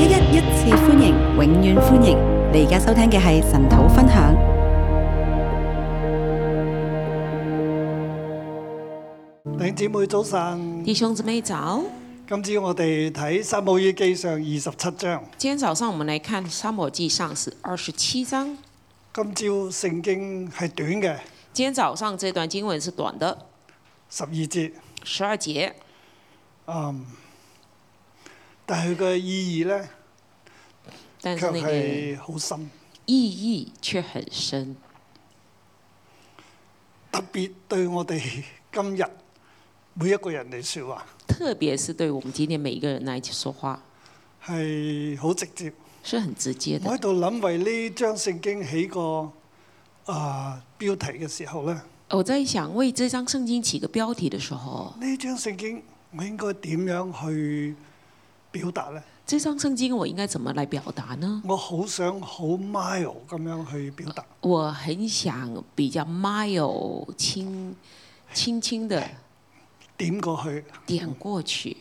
一一一次歡迎，永遠歡迎！你而家收聽嘅係神土分享。弟兄姊妹早晨，弟兄姊妹早。今朝我哋睇《撒母耳記上》二十七章。今天早上我們來看《撒母耳記上》是二十七章。今朝聖經係短嘅。今天早上這段經文是短的，十二節。十二節。Um, 但係佢嘅意義咧，但係好深。意義卻很深，特別對我哋今日每一個人嚟説話。特別是對我們今天每一個人嚟講説話，係好直接，是很直接的。我喺度諗為呢張聖經起個啊、呃、標題嘅時候咧，我在想為呢張聖經起個標題嘅時候，呢張聖經我應該點樣去？表，表達呢？這張聖經我應該怎麼來表達呢？我好想好 mild 咁樣去表達。我很想比較 mild 輕輕輕的點過去。點過去。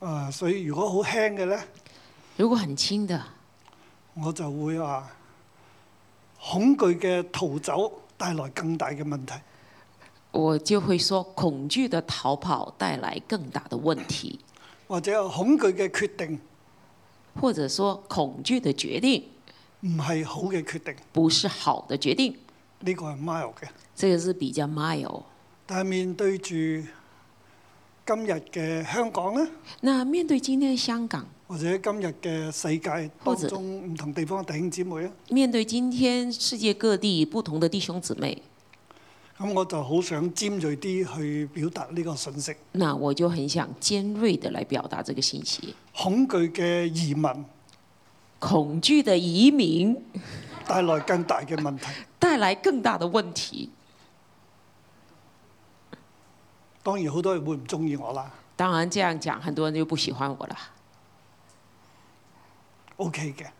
啊，所以如果好輕嘅呢？如果很輕的，我就會話恐懼嘅逃走帶來更大嘅問題。我就會說恐懼的逃跑帶來更大的問題。或者恐懼嘅決定，或者說恐懼的決定，唔係好嘅決定，不是好的決定。呢個係 mild 嘅，這個是比較 mild，但係面對住今日嘅香港咧，那面對今天的香港，或者今日嘅世界當中唔同地方嘅弟兄姊妹咧，面對今天世界各地不同嘅弟兄姊妹。咁我就好想尖銳啲去表達呢個信息。嗱，我就很想尖銳地來表達這個信息。信息恐懼嘅移民，恐懼嘅移民，帶來更大嘅問題。帶來更大的問題。 問題，當然，好多人會唔中意我啦。當然，這樣講，很多人就不喜歡我啦。OK 嘅的，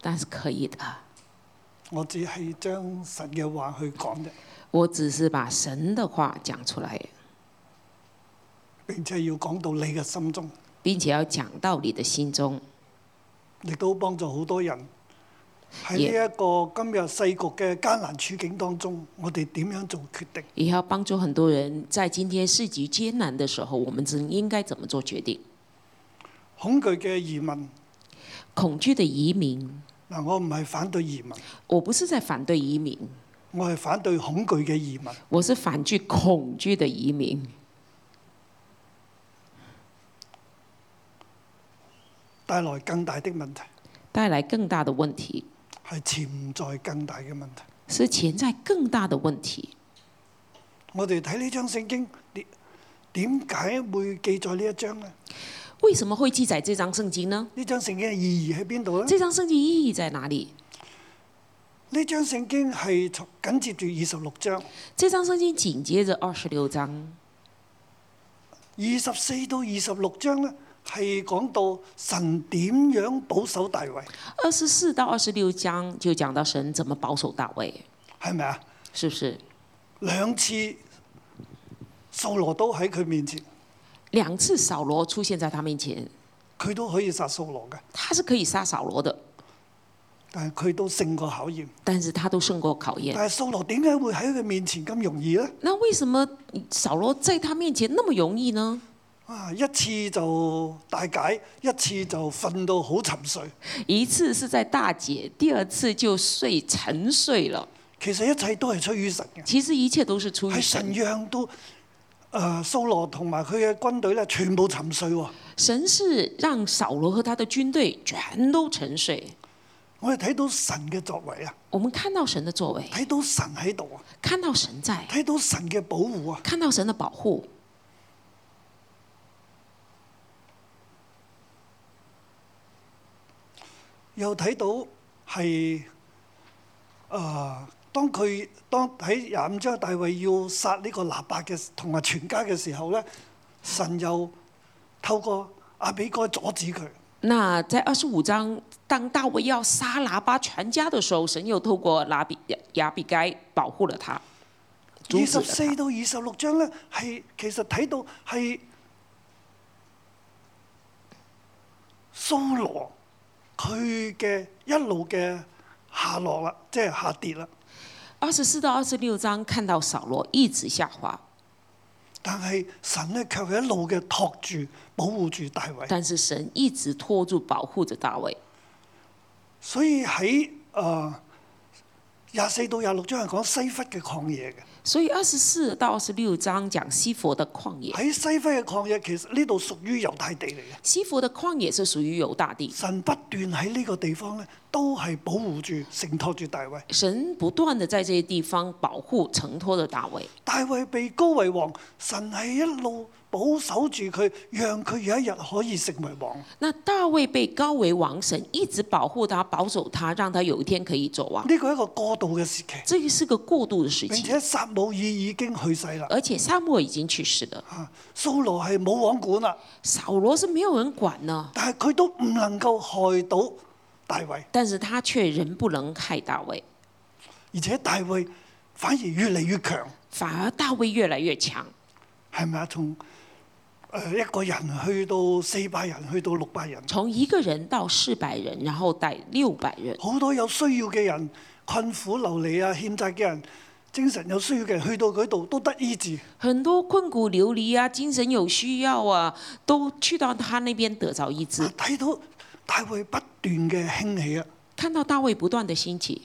但是可以的。我只係將神嘅話去講啫。我只是把神的話講出來，並且要講到你嘅心中，並且要講到你的心中，亦都幫助好多人喺呢一個今日世局嘅艱難處境當中，我哋點樣做決定？亦要幫助很多人，在今天世局艱難嘅時候，我們正應該怎麼做決定？恐懼嘅移民，恐懼的移民。嗱，我唔係反對移民，我不是在反對移民。我係反對恐懼嘅移民。我是反對恐懼的移民。帶來更大的問題。帶來更大的問題。係潛在更大嘅問題。是潛在更大的問題。我哋睇呢張聖經，點解會記載呢一章呢？為什麼會記載這張聖經呢？呢張聖經嘅意義喺邊度呢？呢張聖經意義在哪裏？呢張聖經係從緊接住二十六章，這張聖經緊接着二十六章，二十四到二十六章呢係講到神點樣保守大衛。二十四到二十六章就講到神怎麼保守大衛，係咪啊？是不是，是，不是兩次掃羅都喺佢面前？兩次掃羅出現在他面前，佢都可以殺掃羅嘅，他是可以殺掃羅的。但係佢都勝過考驗，但是他都勝過考驗。但係掃羅點解會喺佢面前咁容易呢？那為什麼掃羅在他面前那麼容易呢？啊，一次就大解，一次就瞓到好沉睡。一次是在大解，第二次就睡沉睡了。其實一切都係出於神。其實一切都是出於神，神。神讓都，誒、呃、掃羅同埋佢嘅軍隊咧，全部沉睡。神是讓掃羅和他的軍隊全都沉睡。我哋睇到神嘅作為啊！我們看到神的作為。睇到神喺度啊！看到神在。睇到神嘅保護啊！看到神的保護，又睇到係啊、呃！當佢當喺廿五章大衛要殺呢個拿八嘅同埋全家嘅時候呢，神又透過阿比該阻止佢。那在二十五章，當大衛要殺喇叭全家的時候，神又透過喇比亞比該保護了他。二十四到二十六章呢，係其實睇到係掃羅佢嘅一路嘅下落啦，即係下跌啦。二十四到二十六章看到掃羅一直下滑。但係神咧，卻一路嘅托住、保護住大衛。但是神一直托住、保護着大衛。所以喺啊廿四到廿六章係講西弗嘅曠野。所以二十四到二十六章講，西弗的曠野。喺西弗嘅曠野，其實呢度屬於猶大地嚟嘅。西弗的曠野是屬於猶大地。神不斷喺呢個地方咧，都係保護住、承托住大衛。神不斷的在這些地方保護承托着大衛，大衛,大衛被高為王，神係一路。保守住佢，讓佢有一日可以成為王。那大衛被膏為王，神，一直保護他、保守他，讓他有一天可以做王，啊。呢個係一個過渡嘅時期。呢個是個過渡嘅時期。並且撒母耳已經去世啦。而且撒母耳已經去世的。啊，掃羅係冇王管啦。掃羅是沒有人管呢。但係佢都唔能夠害到大衛。但是他卻仍不能害大衛，而且大衛反而越嚟越強。反而大衛越嚟越強，係咪啊？從一個人去到四百人，去到六百人。從一個人到四百人，然後到六百人。好多有需要嘅人，困苦流離啊，欠債嘅人，精神有需要嘅人，去到嗰度都得醫治。很多困苦流離啊，精神有需要啊，都去到他那邊得着醫治。睇到大衛不斷嘅興起啊！看到大衛不斷的興起啊，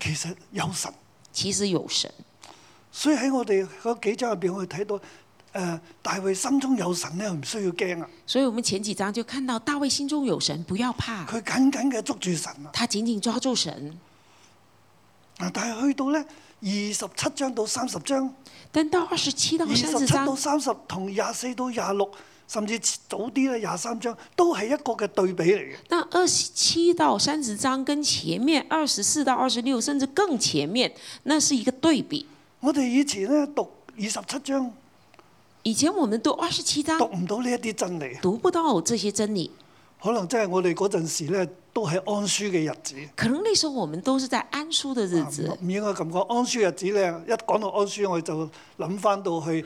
其實有神，其實有神。所以喺我哋嗰幾章入邊，我哋睇到。誒、呃，大衛心中有神咧，唔需要驚啊！所以，我們前幾章就看到大衛心中有神，不要怕。佢緊緊嘅捉住神。啊，他緊緊抓住神。嗱，但係去到呢，二十七章到三十章，等到二十七到三十章，二十七到三十同廿四到廿六，甚至早啲咧廿三章，都係一個嘅對比嚟嘅。但二十七到三十章跟前面二十四到二十六，甚至更前面，那是一個對比。我哋以前咧讀二十七章。以前我們讀二十七章讀唔到呢一啲真理，讀不到這些真理。真理可能真係我哋嗰陣時咧，都係安舒嘅日子。可能嗰時候我們都是在安舒嘅日子。唔、啊、唔應該咁講，安舒日子咧，一講到安舒我就諗翻到去《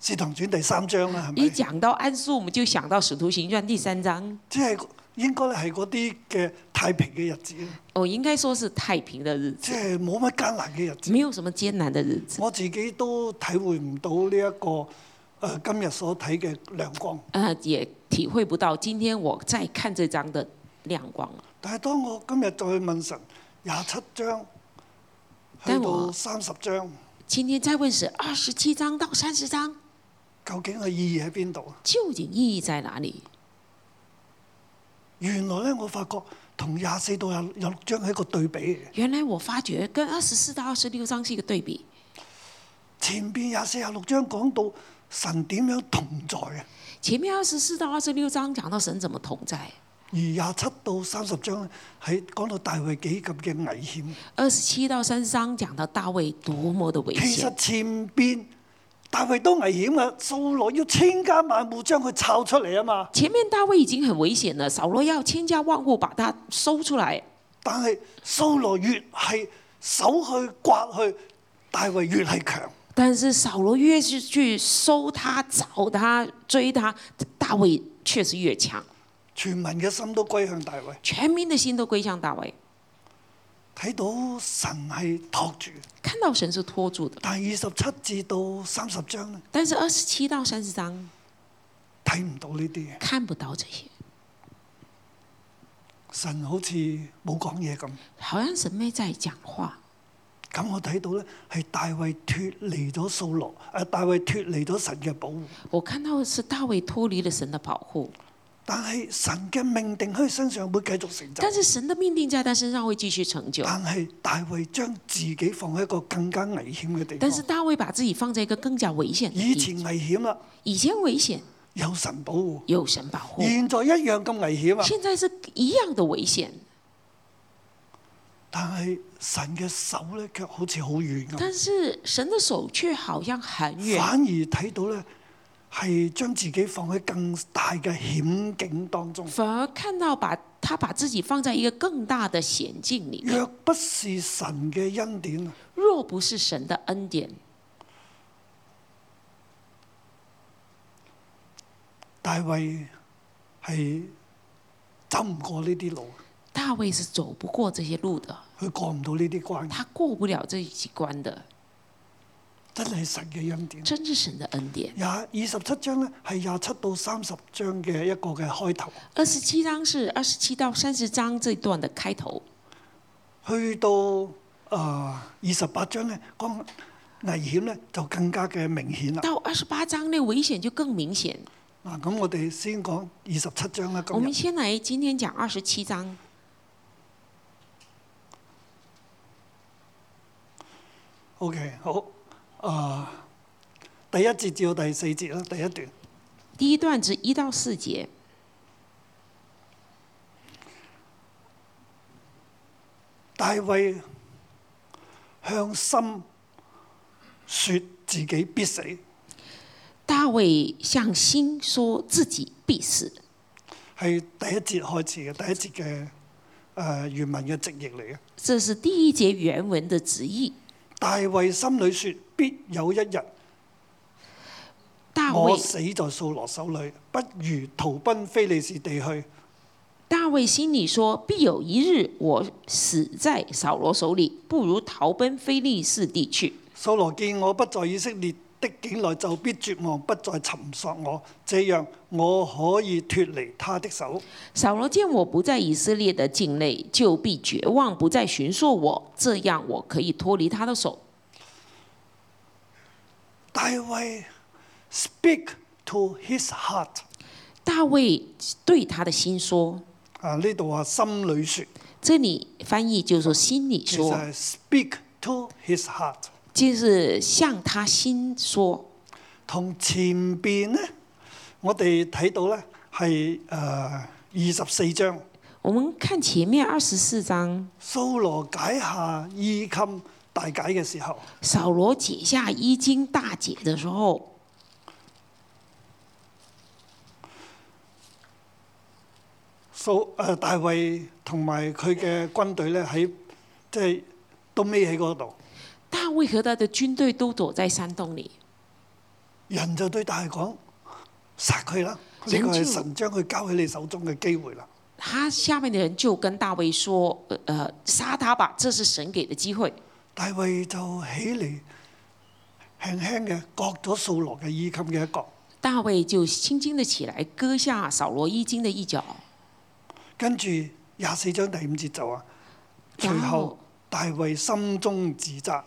使徒傳》第三章啦。係咪？一講到安舒，我們就想到《使徒行傳》第三章。即係、嗯。就是應該咧係嗰啲嘅太平嘅日子咯。我應該說是太平嘅日子。即係冇乜艱難嘅日子。沒有什麼艱難的日子。我自己都體會唔到呢、這、一個誒、呃、今日所睇嘅亮光。誒、呃，也體會不到今天我再看這章的亮光。但係當我今日再去問神廿七章去到三十章，今天再問神二十七章到三十章，究竟嘅意義喺邊度？究竟意義在哪裏？原來咧，我發覺同廿四到廿六章係一個對比。原來我發覺跟二十四到二十六章是一個對比。前邊廿四、廿六章講到神點樣同在嘅。前面二十四到二十六章講到神怎麼同在。而廿七到三十章咧，係講到大衛幾咁嘅危險。二十七到三十章講到大衛多麼的危險。其實前邊。大衛都危險啊！掃羅要千家萬戶將佢抄出嚟啊嘛！前面大衛已經很危險了，掃羅要千家萬戶把他收出來。但係掃羅越係手去刮去，大衛越係強。但是掃羅越是去收他、找他、追他，大衛確實越強。全民嘅心都歸向大衛，全民嘅心都歸向大衛。睇到神係托住，看到神是托住的。但係二十七至到三十章咧，但是二十七到三十章睇唔到呢啲嘢，看不到這些。這些神好似冇講嘢咁，好像神未在講話。咁我睇到咧，係大衛脫離咗掃羅，啊大衛脫離咗神嘅保護。我看到嘅是大衛脫離了，啊，了神嘅保護。但係神嘅命定喺佢身上會繼續成就。但是神的命定在他身上會繼續成就。但係大衛將自己放喺一個更加危險嘅地方。但是大衛把自己放在一個更加危險。以前危險啦。以前危險。危險有神保護。有神保護。現在一樣咁危險啊。現在是一樣的危險。但係神嘅手咧，卻好似好遠咁。但是神的手卻好像很遠。很而反而睇到咧。係將自己放喺更大嘅險境當中，反而看到把他把自己放在一個更大嘅險境裏。若不是神嘅恩典，若不是神嘅恩典，大衛係走唔過呢啲路。大衛是走唔過這些路的，佢過唔到呢啲關，他過不了呢幾關的。真係神嘅恩典。真係神嘅恩典。廿二十七章咧，係廿七到三十章嘅一個嘅開頭。二十七章是二十七到三十章這段嘅開頭。去到啊二十八章咧，講危險咧就更加嘅明顯啦。到二十八章呢，危險就更明顯。嗱，咁我哋先講二十七章啦。咁，我哋先嚟，今天講二十七章。OK，好。啊！第一節至到第四節啦，第一段。第一段指一到四節。大衛向心說自己必死。大衛向心說自己必死。係第一節開始嘅，第一節嘅誒原文嘅直譯嚟嘅。這是第一節原文嘅直譯。大衛心裏說：必有一日，大衛死在掃羅手裏，不如逃奔非利士地去。大衛心裏說：必有一日，我死在掃羅手裏，不如逃奔非利士地去。掃羅見我不在以色列。的境內，就必絕望，不再尋索我，這樣我可以脫離他的手。掃羅見我不在以色列的境內，就必絕望，不再尋索我，這樣我可以脫離他的手。大衛 speak to his heart、啊。大衛對他的心說：啊呢度啊心裏說，這裏翻譯就是心裏說。speak to his heart。就是向他心說，同前邊呢，我哋睇到咧係誒二十四章。我們看前面二十四章。掃羅解下衣襟大解嘅時候，掃羅解下衣襟大解嘅時候，掃誒大、so、呃、大衛同埋佢嘅軍隊咧，喺即係都未喺嗰度。但衛和他的軍隊都躲在山洞裡。人就對大衛講：殺佢啦，呢個係神將佢交喺你手中嘅機會啦。他下面嘅人就跟大衛說：，誒、呃，殺他吧，這是神給嘅機會。大衛就起嚟，輕輕嘅割咗掃羅嘅衣襟嘅一角。大衛就輕輕地起來，割下掃羅衣襟的一角。跟住廿四章第五節就啊，最後大衛心中自責。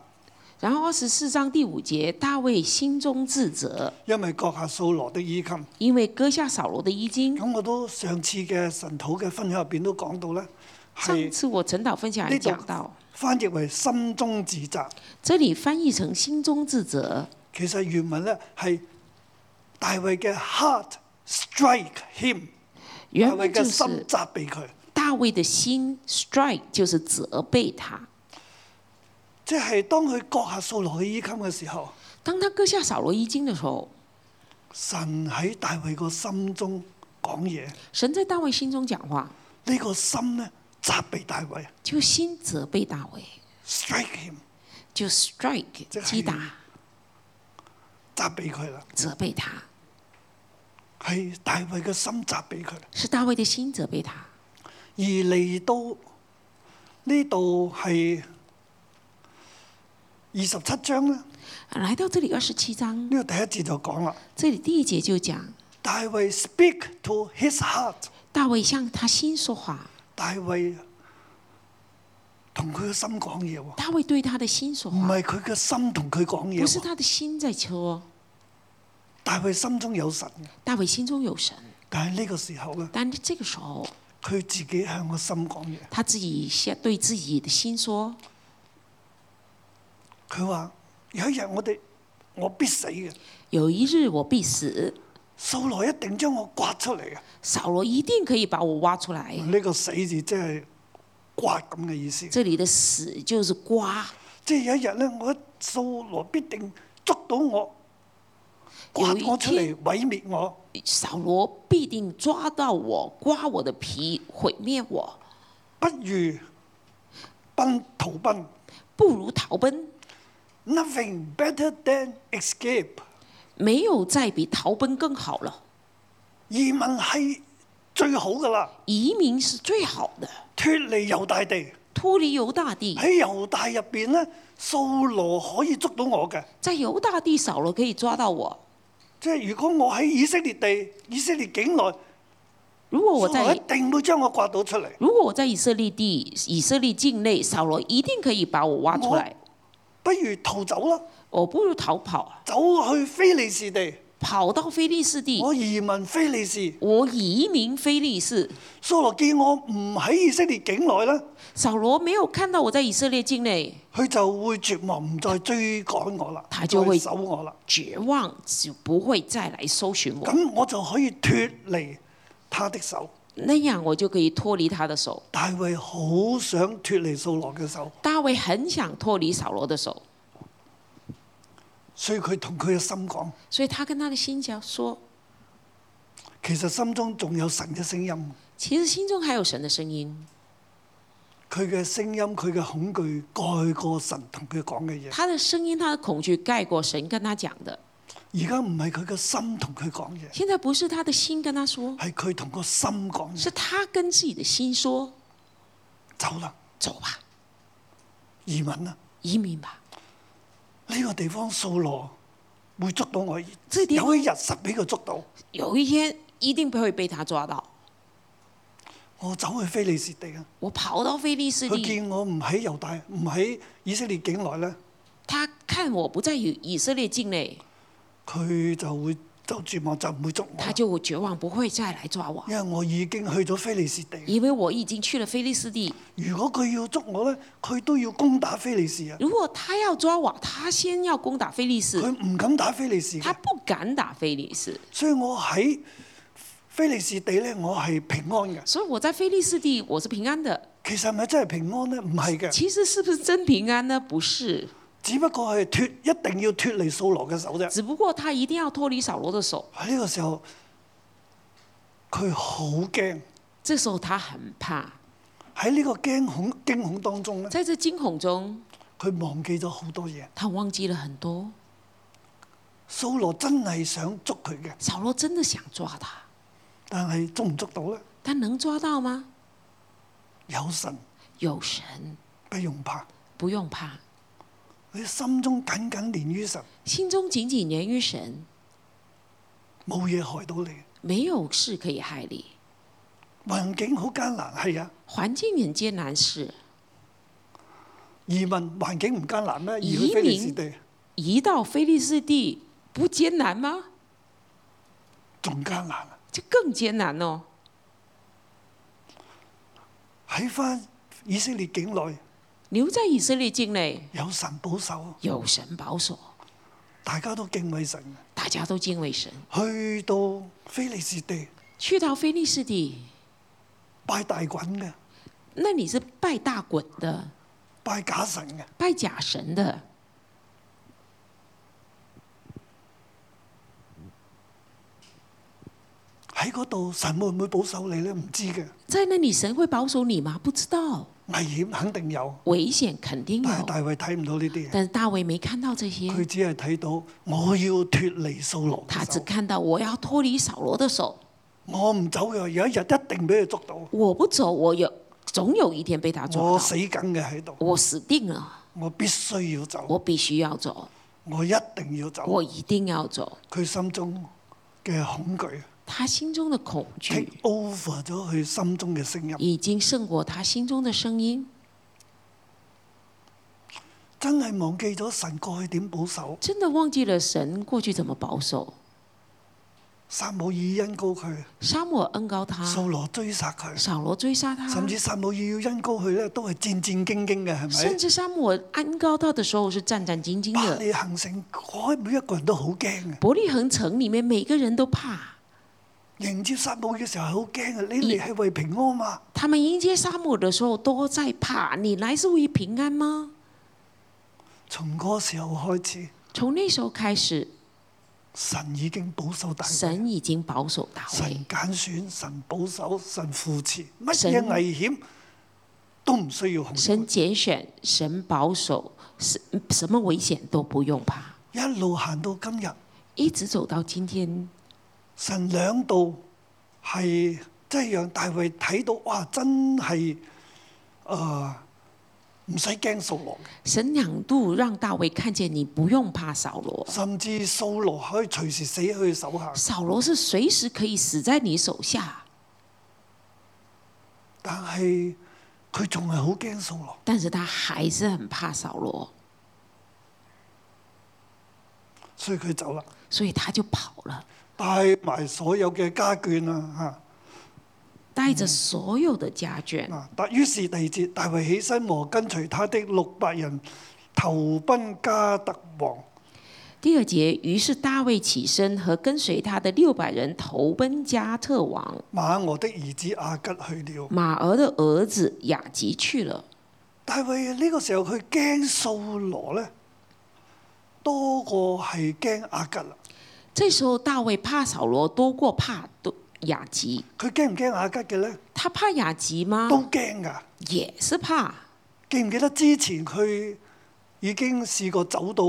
然後二十四章第五節，大衛心中自責，因為，的因為割下掃羅的衣襟，因為割下掃羅的衣襟。咁我都上次嘅神土嘅分享入邊都講到咧，是上次我陳導分享係講到，翻譯為心中自責，這裡翻譯成心中自責。其實原文咧係大衛嘅 heart strike him，大衛嘅心責備佢。大衛的心，就是大衛的心 strike 就是責備他。即係當佢割下掃羅佢衣襟嘅時候，當他割下掃羅衣襟嘅時候，神喺大衛個心中講嘢。神在大衛心中講話，呢個心呢責備大衛，就先責備大衛，strike him，就 strike 擊打，責備佢啦，責備他，係大衛嘅心責備佢。是大衛的，的心責備他。而嚟到呢度係。二十七章啦，來到這裡二十七章呢個第一節就講啦。這裡第二節就講，大衛 speak to his heart，大衛向他心說話。大衛同佢嘅心講嘢。大衛對他的心說話，唔係佢嘅心同佢講嘢，不是他的心在說。大衛心中有神。大衛心中有神。但係呢個時候咧，但係這個時候，佢自己向個心講嘢。他自己對自己的心說。佢話有一日我哋我必死嘅，有一日我必死。掃羅一定將我刮出嚟嘅，掃羅一定可以把我挖出來。呢個死字即係刮咁嘅意思。這裏的死就是刮。即係有一日咧，我掃羅必定捉到我，刮我出嚟毀滅我。掃羅必定抓到我，刮我的皮毀滅我。不如奔逃奔，不如逃奔。Nothing better than escape。沒有再比逃奔更好了。移民係最好㗎喇。移民是最好的了。脫離猶大地。脫離猶大地。喺猶大入邊呢，掃羅可以捉到我嘅。在猶大地，掃羅可以抓到我。即係如果我喺以色列地、以色列境內，如果我在，一定會將我刮到出嚟。如果我在以色列地、以色列境內，掃羅一,一定可以把我挖出來。不如逃走啦！我不如逃跑，走去非利士地，跑到非利士地。我移民非利士，我移民非利士。掃羅見我唔喺以色列境內啦，掃羅沒有看到我在以色列境內，佢就會絕望唔再追趕我啦，他就會守我啦，絕望就不會再來搜尋我。咁我就可以脫離他的手。那樣我就可以脫離他的手。大衛好想脫離掃羅嘅手。大衛很想脫離掃羅嘅手，所以佢同佢嘅心講。所以他跟他的心講說，其實心中仲有神嘅聲音。其實心中還有神嘅聲音。佢嘅聲音，佢嘅恐懼蓋過神同佢講嘅嘢。他的聲音，他，他的恐懼蓋過，過神跟他講的。而家唔係佢個心同佢講嘢。現在不是他的心跟他說。係佢同個心講嘢。是他跟自己的心說：走啦了，走吧，移民啦，移民吧。呢個地方掃羅會捉到我，即係點有一日實俾佢捉到。有一天一定不會被他抓到。我走去菲利斯地啊！我跑到菲利斯地。佢見我唔喺猶大，唔喺以色列境內咧。他看我不在以以色列境內。佢就會捉住我，就唔會捉我。他就絕望，不會再來抓我。因為我已經去咗菲利斯地。以為我已經去了菲利斯地。如果佢要捉我咧，佢都要攻打菲利斯啊。如果他要抓我，他先要攻打菲利斯。佢唔敢打菲利斯。他不敢打菲利斯。所以我喺菲利斯地咧，我係平安嘅。所以我在菲利斯地，我是平安嘅。其實咪真係平安呢？唔係嘅。其實是不是真平安呢？不是。只不過係脫，一定要脫離掃羅嘅手啫。只不過他一定要脫離掃羅嘅手。喺呢個時候，佢好驚。這時候他很怕。喺呢個驚恐驚恐當中呢，在這驚恐中，佢忘記咗好多嘢。他忘記咗很多。掃羅真係想捉佢嘅。掃羅真的想抓他。但係捉唔捉到呢？但能抓到嗎？有神。有神。不用怕。不用怕。你心中緊緊連於神，心中緊緊連於神，冇嘢害到你。沒有事可以害你。環境好艱難，係啊。環境很艱難事。移民環境唔艱難咩？移民。移民到非利士地，利士地不艱難嗎？仲艱難。就更艱難哦。喺翻以色列境內。留在以色列境內，有神保守，有神保守，大家都敬畏神，大家都敬畏神。去到菲利斯地，去到菲利斯地拜大衮嘅，那你是拜大衮的，拜假神嘅，拜假神的。喺嗰度神會唔會保守你咧？唔知嘅。在那裡神會保守你嗎？不知道。危險肯定有，危險肯定有。但係大衛睇唔到呢啲，但係大衛未看到這些。佢只係睇到我要脱離掃羅。他只看到我要脱離掃羅的手。我唔走嘅，有一日一定俾佢捉到。我不走，我有總有一天被他捉。我死梗嘅喺度。我死定了。我必須要走。我必須要走。我一定要走。我一定要走。佢心中嘅恐懼。他心中的恐懼，take over 咗佢心中嘅聲音，已經勝過他心中的聲音。聲音真係忘記咗神過去點保守，真的忘記了神過去怎麼保守。撒母耳恩告佢，撒母恩告他，掃羅追殺佢，掃羅追殺他，殺他甚至撒母耳要恩告佢咧，都係戰戰兢兢嘅，係咪？甚至撒母恩告他嘅時候，是戰戰兢兢嘅。伯利恆，城，我每一個人都好驚嘅。伯利恆城裏面每個人都怕。迎接撒母耳嘅時候係好驚啊。你嚟係為平安嘛？他們迎接撒母耳嘅時候都在怕，你來是為平安嗎？從嗰時，時候開始。從呢時候開始，神已經保守大。神已經保守大會。神揀選，神保守，神扶持，乜嘢危險神都唔需要恐懼。神揀選，神保守，什什麼危險都不用怕。一路行到今日，一直走到今天。神兩度係即係讓大衛睇到，哇！真係誒唔使驚掃羅。神兩度讓大衛看見，你不用怕掃羅。甚至掃羅可以隨時死喺佢手下。掃羅是隨時可以死在你手下，但係佢仲係好驚掃羅。但是他還是很怕掃羅，所以佢走啦。所以他就跑了。帶埋所有嘅家眷啊！哈、嗯，帶着所有嘅家眷。啊、嗯，於是第二節，大衛起身和跟隨他的六百人投奔加特王。第二節，於是大衛起身和跟隨他的六百人投奔加特王。馬俄的兒子阿吉去了。馬俄的兒子亞吉去了。大衛呢個時候佢驚掃羅呢，多過係驚阿吉啦這時候大衛怕掃羅多過怕亞吉。佢驚唔驚亞吉嘅咧？他怕亞吉嗎？都驚噶。也是怕。記唔記得之前佢已經試過走到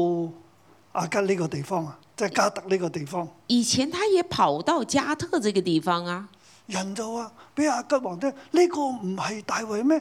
亞吉呢個地方啊，即係加特呢個地方。就是、地方以前他也跑到加特這個地方啊。人就話：俾亞吉王聽，呢、這個唔係大衛咩？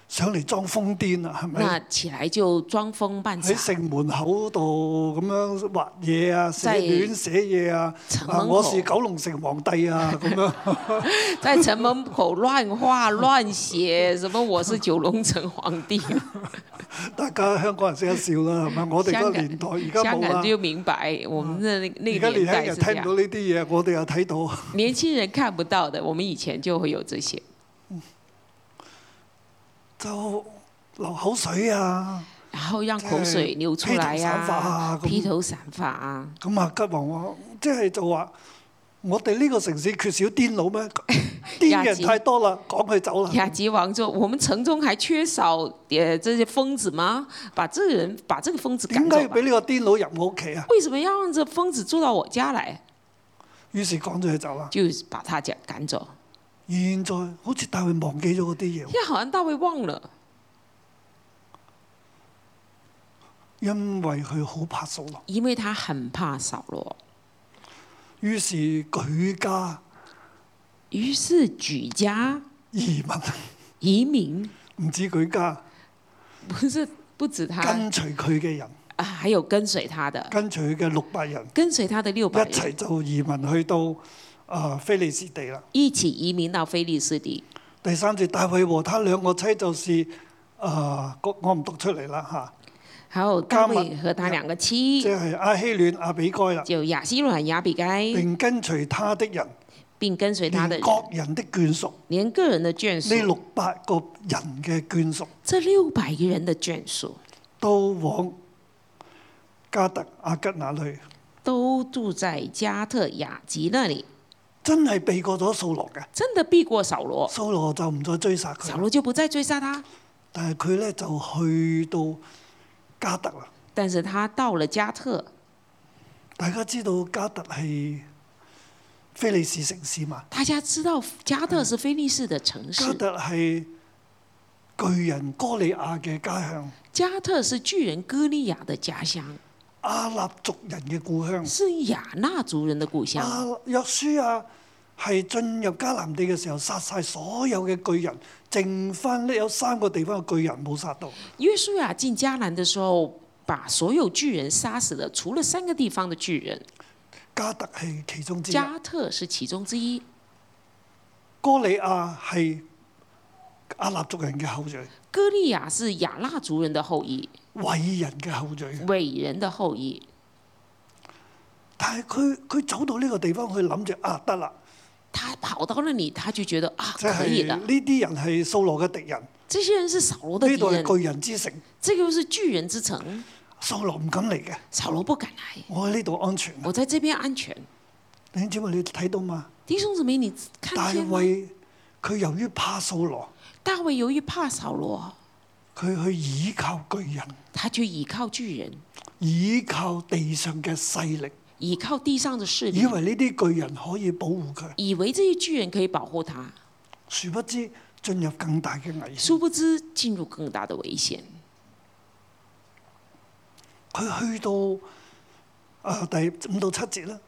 上嚟裝瘋癲啦，係咪？那起來就裝瘋扮傻。喺城門口度咁樣畫嘢啊，寫亂寫嘢啊！我是九龍城皇帝啊，咁樣。喺 城門口亂畫亂寫，什麼我是九龍城皇帝？ 大家香港人識得笑啦、啊，係咪？香港我哋嗰個年代、啊，而家香港人都要明白，我哋呢那，、啊、那年代是啊。聽唔到呢啲嘢，我哋又睇到。年輕人看不到嘅， 我哋以前就會有這些。就流口水啊，然後讓口水流出來啊，披頭散發啊，披頭散發啊。咁啊，吉王話，即係就話、是，我哋呢個城市缺少癲佬咩？癲嘅人太多啦， 吉趕佢走啦。亞吉王就，我們城中還缺少誒這些瘋子嗎？把這個人，把這個瘋子趕走。點解要俾呢個癲佬入我屋企啊？為什麼要讓這瘋子住到我家嚟、啊？於是趕咗佢走啦、啊。就把他趕趕走。現在好似大衛忘記咗嗰啲嘢。因為好像，大衛忘了。因為佢好怕掃羅，因為他很怕掃羅。於是舉家。於是舉家移民。移，移民。唔止舉家。不是不止他。跟隨佢嘅人。啊，還有跟隨他的。跟隨佢嘅六百人。跟隨他的六百。人。一齊做移民去到。啊、呃，非利士地啦！一起移民到非利士地。第三節，大衛和他兩個妻就是啊、呃，我唔讀出嚟啦吓，好，大衛密和他兩個妻。即係、就是、阿希亂、阿比該啦。就亞希亂、亞比該。並跟隨他的人。並跟隨他的人。各人的眷屬。連個人的眷屬。呢六百個人嘅眷屬。這六百個人的眷屬。眷屬都往加特阿吉那裏。都住在加特雅吉那裏。真係避過咗掃羅嘅，真的避過掃羅。掃羅就唔再追殺佢。掃羅就不再追殺他。但係佢咧就去到加特啦。但是他到了加特。大家知道加特係菲利士城市嘛？大家知道加特是菲利士的城市。加特係巨人哥利亞嘅家鄉。加特是巨人哥利亞嘅家鄉。阿納族人嘅故鄉是亞納族人嘅故鄉。亞、啊、約書亞係進入迦南地嘅時候殺晒所有嘅巨人，剩翻呢有三個地方嘅巨人冇殺到。約書亞進迦南嘅時候，把所有巨人殺死了，除了三個地方嘅巨人。加特係其中之一。加特是其中之一。哥利亞係亞納族人嘅後裔。哥利亞是亞納族人嘅後裔。偉人嘅後裔，偉人的後裔。後但係佢佢走到呢個地方，佢諗住啊，得啦。他跑到了你，他就覺得啊，就是，可以啦。呢啲人係掃羅嘅敵人。這些人是掃羅的敵人。呢度係巨人之城。這個是，是巨人之城。掃羅唔敢嚟嘅。掃羅不敢嚟。敢我喺呢度安全。我喺呢邊安全。你知唔知你睇到嘛？弟兄姊妹，你看。你看大衛佢由於怕掃羅。大衛由於怕掃羅。佢去倚靠巨人，他去倚靠巨人，倚靠地上嘅勢力，倚靠地上嘅勢力，以為呢啲巨人可以保護佢，以為呢啲巨人可以保護他，護他殊不知進入更大嘅危，殊不知進入更大嘅危險。佢去到啊、呃、第五到七節啦，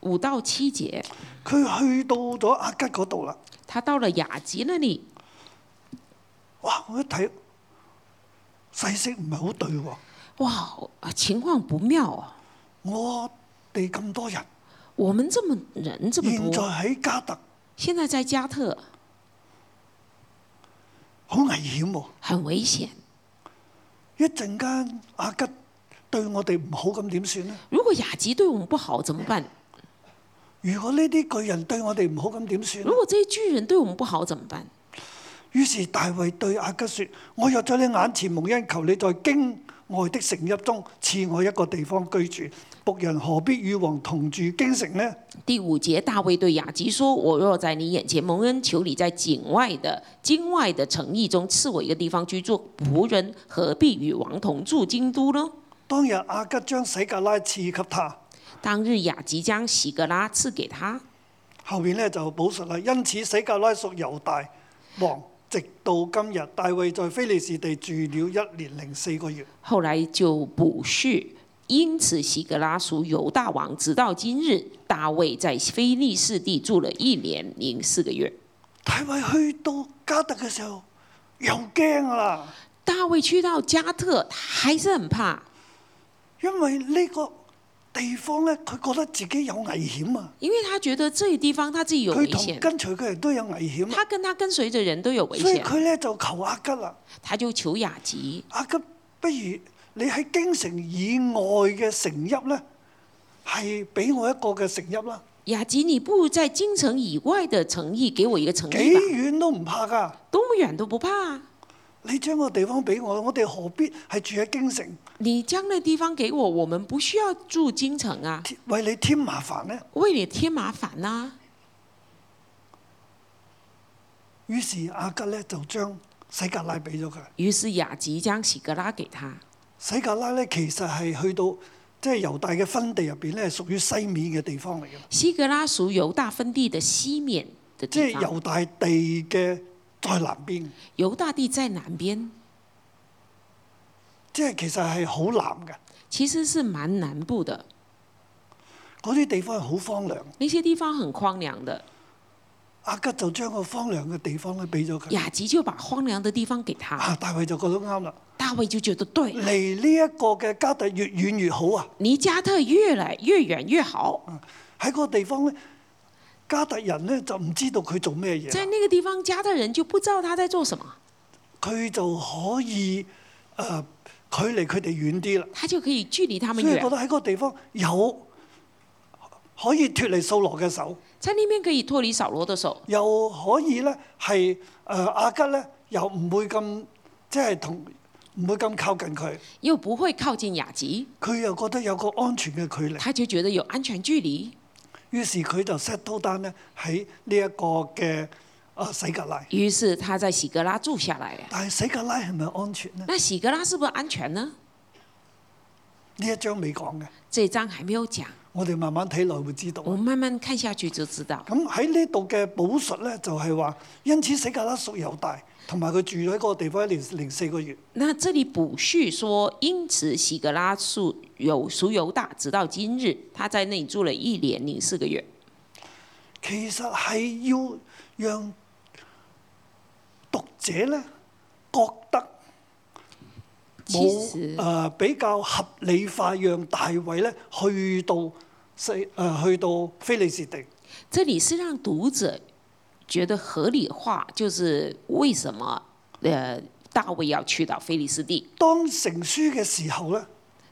五到七節，佢去到咗阿吉嗰度啦，他到了雅吉那裏，哇！我一睇。細聲唔係好對喎！哇，wow，情況不妙啊！我哋咁多人，我們這麼人這麼多，現在喺加特，現在在加特，好危險喎，啊！很危險！一陣間阿吉對我哋唔好咁點算呢？如果雅吉對我們不好，怎麼辦？如果呢啲巨人對我哋唔好咁點算？呢如果這些巨人對我們不好，怎麼辦？於是大衛對亞吉說：我若在你眼前蒙恩，求你在京外的城邑中賜我一個地方居住。僕人何必與王同住京城呢？第五節，大衛對亞吉說：我若在你眼前蒙恩，求你在境外的京外的城邑中賜我一個地方居住。僕人何必與王同住京都呢？當日亞吉將洗格拉賜給他。當日亞吉將洗格拉賜給他。後面呢就補述啦。因此洗格拉屬猶大王。直到今日，大衛在非利士地住了一年零四個月。後來就不是，因此希格拉屬猶大王。直到今日，大衛在非利士地住了一年零四個月。大衛去到加特嘅時候，又驚啦！大衛去到加特，他還是很怕，因為呢、這個。地方咧，佢覺得自己有危險啊！因為他覺得呢個地方他自己有危險啊，跟，跟隨嘅人都有危險啊。他跟他跟隨嘅人都有危險啊。所以佢咧就求阿吉啦。他就求雅子。阿吉，不如你喺京城以外嘅城邑咧，係俾我一個嘅城邑啦。雅子，你不如在京城以外嘅城邑，給我一個城邑啦。幾遠都唔怕㗎，多遠都不怕。不怕啊。你將個地方俾我，我哋何必係住喺京城？你將那地方給我，我們不需要住京城啊！為你添麻煩呢、啊？為你添麻煩啦、啊！於是亞吉呢，就將西格拉俾咗佢。於是亞吉將西格拉給他。西格拉呢，其實係去到即係猶大嘅分地入邊咧，屬於西面嘅地方嚟嘅。西格拉屬猶大分地嘅西面嘅地方，即係猶大地嘅在南邊。猶大地在南邊。即係其實係好南嘅，其實是蠻南部的。嗰啲地方係好荒涼，呢些地方很荒涼的。阿吉就將個荒涼嘅地方咧，俾咗佢。雅吉就把荒涼嘅地方給他。啊，大衛就覺得啱啦。大衛就覺得對。得對，離呢一個嘅加特越遠越好啊。離加特越嚟越遠越好。喺嗰個地方咧，加特人咧就唔知道佢做咩嘢。即係呢個地方，加特人就不知道他在做什麼。佢就可以，誒、呃。距離佢哋遠啲啦，他就可以距離他們遠，所以覺得喺個地方有可以脱離掃羅嘅手，在呢邊可以脱離掃羅嘅手，又可以咧係誒亞吉咧又唔會咁即係同唔會咁靠近佢，又唔會靠近牙吉，佢又覺得有個安全嘅距離，他就覺得有安全距離，於是佢就 set 到單咧喺呢一個嘅。啊，西格拉。於是他在西格拉住下來呀。但係西格拉係咪安全呢？那西格拉是不是安全呢？呢一張未講嘅。這張還沒有講。我哋慢慢睇落會知道。我慢慢看下去就知道。咁喺呢度嘅補述呢，就係話，因此西格拉屬猶大，同埋佢住喺個地方一年零四個月。那這裡補述說，因此西格拉屬有屬猶大，直到今日，他在那裡住了一年零四個月。其實係要讓。作者咧覺得冇誒比較合理化，讓大衛咧去到非去到非利士地。這裡是讓讀者覺得合理化，就是為什麼誒大衛要去到非利士地？當成書嘅時候咧，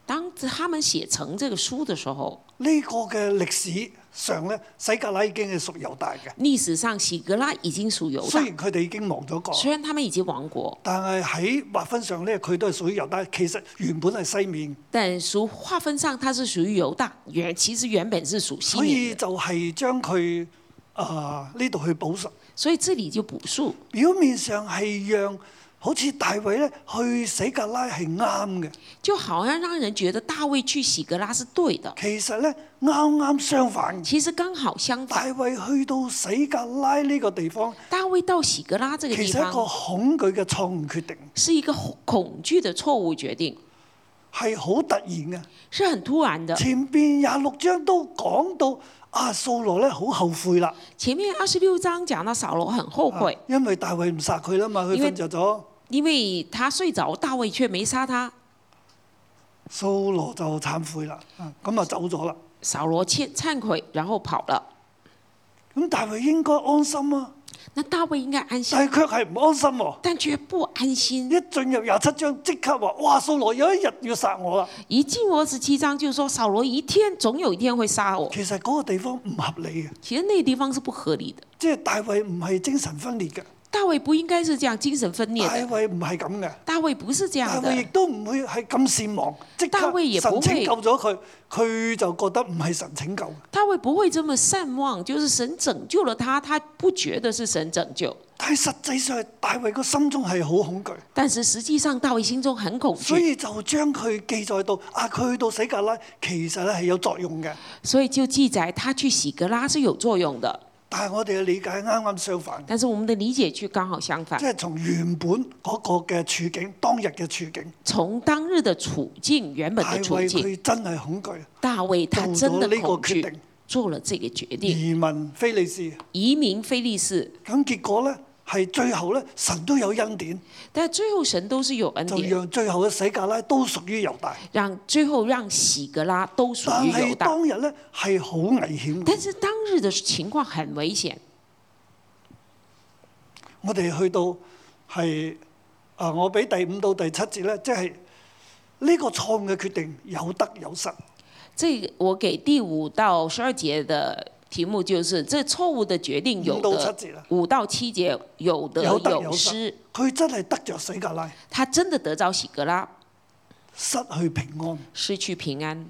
當他們寫成這個書的時候，呢個嘅歷史上咧，西格拉已經係屬猶大嘅。歷史上，西格拉已經屬猶大。雖然佢哋已經亡咗國，雖然他們已經亡過亡國，但係喺劃分上咧，佢都係屬於猶大。其實原本係西面。但屬劃分上，它是屬於猶大，原其實原本是屬西面。所以就係將佢啊呢度去補述。所以這裡就補述。表面上係讓。好似大衛咧去死格拉係啱嘅，就好像讓人覺得大衛去死格拉是對的。其實咧啱啱相反，其實剛好相反。大衛去到死格拉呢個地方，大衛到死格拉這個其實係一個恐懼嘅錯誤決定，是一個恐懼的錯誤決定，係好突然嘅，是很突然的。前邊廿六章都講到。啊，掃羅咧好後悔啦！前面二十六章講到掃羅很後悔，啊、因為大衛唔殺佢啦嘛，佢瞓着咗。因為他睡着，大衛卻沒殺他。掃羅就懺悔啦，咁啊就走咗啦。掃羅歉懺悔，然後跑了。咁大衛應該安心啊。那大衛應該安心，但佢係唔安心喎，啊。但絕不安心。一進入廿七章，即刻話：哇，掃羅有一日要殺我啦！一進入廿七章，就說掃羅一天總有一天會殺我，啊。其實嗰個地方唔合理嘅。其實那個地方是不合理的。即係大衛唔係精神分裂嘅。大衛不應該是這樣精神分裂的。大衛唔係咁嘅。大衛不是這樣的。大衛亦都唔會係咁善忘，即神拯救咗佢，佢就覺得唔係神拯救。大衛不會這麼善忘，就是神拯救了他，他不覺得是神拯救。但係實際上，大衛個心中係好恐懼。但是實際上，大衛心中很恐懼。所以就將佢記載到啊，佢去到死格拉，其實咧係有作用嘅。所以就記載他去死格拉是有作用的。但係我哋嘅理解啱啱相反，但是我哋嘅理解就剛好相反。即係從原本嗰個嘅處境，當日嘅處境。從當日嘅處境，原本嘅處境。佢真係恐懼。大衛他真的恐懼，做了呢個決定，移民非利士。移民非利士。咁結果咧？係最後咧，神都有恩典。但係最後神都是有恩典。就讓最後嘅死格拉都屬於猶大。讓最後讓喜格拉都屬於猶大。但係當日咧，係好危險。但是當日嘅情況很危險。我哋去到係啊，我俾第五到第七節咧，即係呢個錯誤嘅決定有得有失。即係我給第五到十二節嘅。題目就是，這錯誤的決定有五到七節，七節有的有，有得有失，佢真係得着死格拉，他真的得着死格拉，失去平安，失去平安，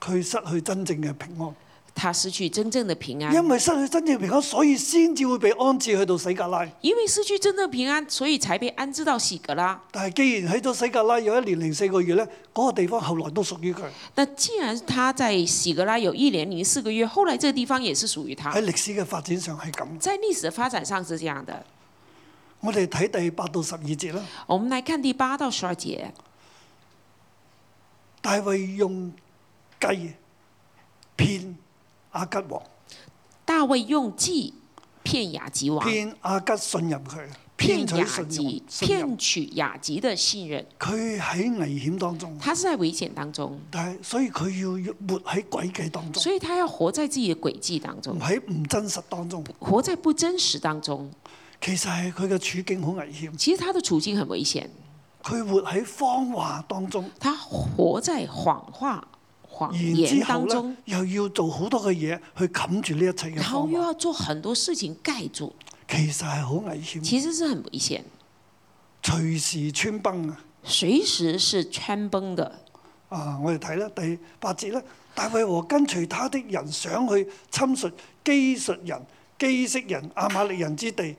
佢失去真正嘅平安。他失去真正的平安，因為失去真正的平安，所以先至會被安置去到洗格拉。因為失去真正平安，所以才被安置到洗格拉。但係既然喺咗洗格拉有一年零四個月咧，嗰個地方後來都屬於佢。那既然他在洗格拉有一年零四個月，後來這地方也是屬於他。喺歷史嘅發展上係咁。在歷史嘅發展上是這樣的。我哋睇第八到十二節啦。我們來看第八到十二節。大衛用計騙。阿吉王，大衛用計騙雅吉王，騙阿吉信任佢，騙雅吉騙取雅吉任的信任。佢喺危險當中，他是在危險當中。但係所以佢要活喺詭計當中，所以他要活在自己嘅詭計當中，喺唔真實當中，活在不真實當中。其實係佢嘅處境好危險。其實他的處境很危險，佢活喺謊話當中，他活在謊話。然之後咧，又要做好多嘅嘢去冚住呢一切。然後又要做很多事情蓋住。其實係好危險。其實是很危險，隨時穿崩啊！隨時是穿崩嘅。啊，我哋睇啦第八節咧，大衛和跟隨他的人上去侵入基述人、基色人、亞瑪利人之地。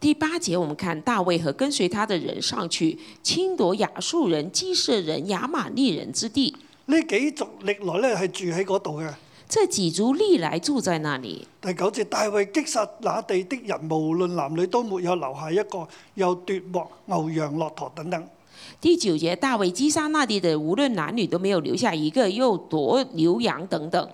第八節，八節我們看大衛和跟隨他的人上去侵奪亞述人、基色人、亞瑪利人之地。呢幾族歷來咧係住喺嗰度嘅。這幾族歷來住在那裡。第九節，大衛擊殺那地的人，無論男女，都沒有留下一個，又奪獲牛羊、駱駝等等。第九節，大衛擊殺那地的，無論男女，都沒有留下一個，又奪牛羊等等。